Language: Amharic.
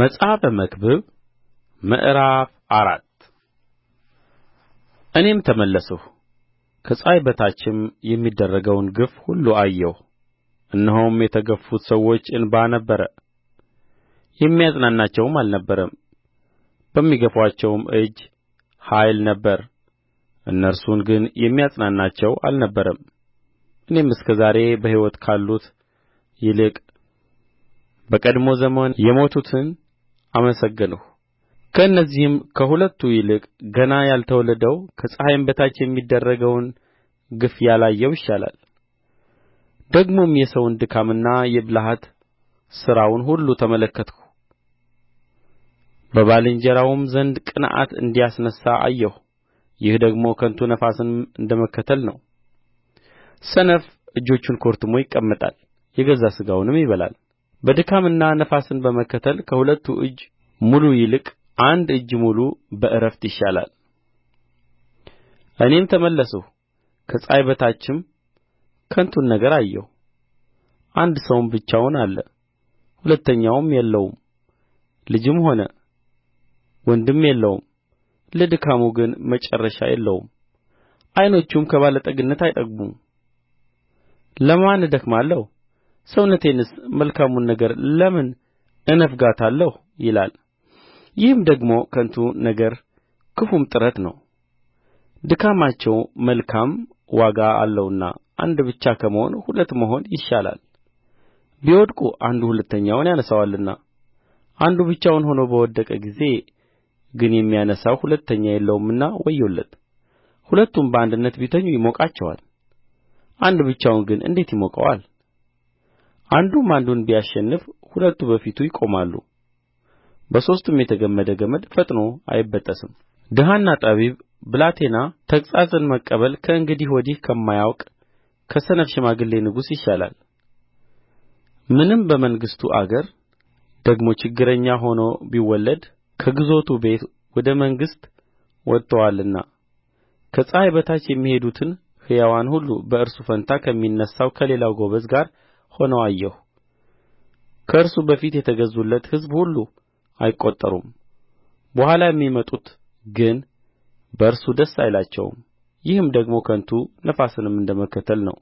መጽሐፈ መክብብ ምዕራፍ አራት እኔም ተመለስሁ ከፀሐይ በታችም የሚደረገውን ግፍ ሁሉ አየሁ እነሆም የተገፉት ሰዎች እንባ ነበረ የሚያጽናናቸውም አልነበረም በሚገፉአቸውም እጅ ኃይል ነበረ እነርሱን ግን የሚያጽናናቸው አልነበረም እኔም እስከ ዛሬ በሕይወት ካሉት ይልቅ በቀድሞ ዘመን የሞቱትን አመሰገንሁ ከእነዚህም ከሁለቱ ይልቅ ገና ያልተወለደው ከፀሐይም በታች የሚደረገውን ግፍ ያላየው ይሻላል ደግሞም የሰውን ድካምና የብልሃት ሥራውን ሁሉ ተመለከትሁ በባልንጀራውም ዘንድ ቅንዓት እንዲያስነሣ አየሁ ይህ ደግሞ ከንቱ ነፋስን እንደ መከተል ነው ሰነፍ እጆቹን ኮርትሞ ይቀመጣል የገዛ ሥጋውንም ይበላል በድካምና ነፋስን በመከተል ከሁለት እጅ ሙሉ ይልቅ አንድ እጅ ሙሉ በዕረፍት ይሻላል እኔም ተመለስሁ ከፀሐይ በታችም ከንቱን ነገር አየሁ አንድ ሰውም ብቻውን አለ ሁለተኛውም የለውም ልጅም ሆነ ወንድም የለውም ለድካሙ ግን መጨረሻ የለውም ዓይኖቹም ከባለጠግነት አይጠግቡም ለማን እደክማለሁ ሰውነቴንስ መልካሙን ነገር ለምን እነፍጋታለሁ ይላል ይህም ደግሞ ከንቱ ነገር ክፉም ጥረት ነው ድካማቸው መልካም ዋጋ አለውና አንድ ብቻ ከመሆን ሁለት መሆን ይሻላል ቢወድቁ አንዱ ሁለተኛውን ያነሣዋልና አንዱ ብቻውን ሆኖ በወደቀ ጊዜ ግን የሚያነሣው ሁለተኛ የለውምና ወዮለት ሁለቱም በአንድነት ቢተኙ ይሞቃቸዋል አንድ ብቻውን ግን እንዴት ይሞቀዋል አንዱም አንዱን ቢያሸንፍ ሁለቱ በፊቱ ይቆማሉ በሦስትም የተገመደ ገመድ ፈጥኖ አይበጠስም ድሀና ጠቢብ ብላቴና ተግሣጽን መቀበል ከእንግዲህ ወዲህ ከማያውቅ ከሰነፍ ሽማግሌ ንጉሥ ይሻላል ምንም በመንግሥቱ አገር ደግሞ ችግረኛ ሆኖ ቢወለድ ከግዞቱ ቤት ወደ መንግሥት ወጥተዋልና ከፀሐይ በታች የሚሄዱትን ሕያዋን ሁሉ በእርሱ ፋንታ ከሚነሣው ከሌላው ጎበዝ ጋር ሆነው አየሁ ከእርሱ በፊት የተገዙለት ሕዝብ ሁሉ አይቈጠሩም በኋላ የሚመጡት ግን በእርሱ ደስ አይላቸውም ይህም ደግሞ ከንቱ ነፋስንም እንደ መከተል ነው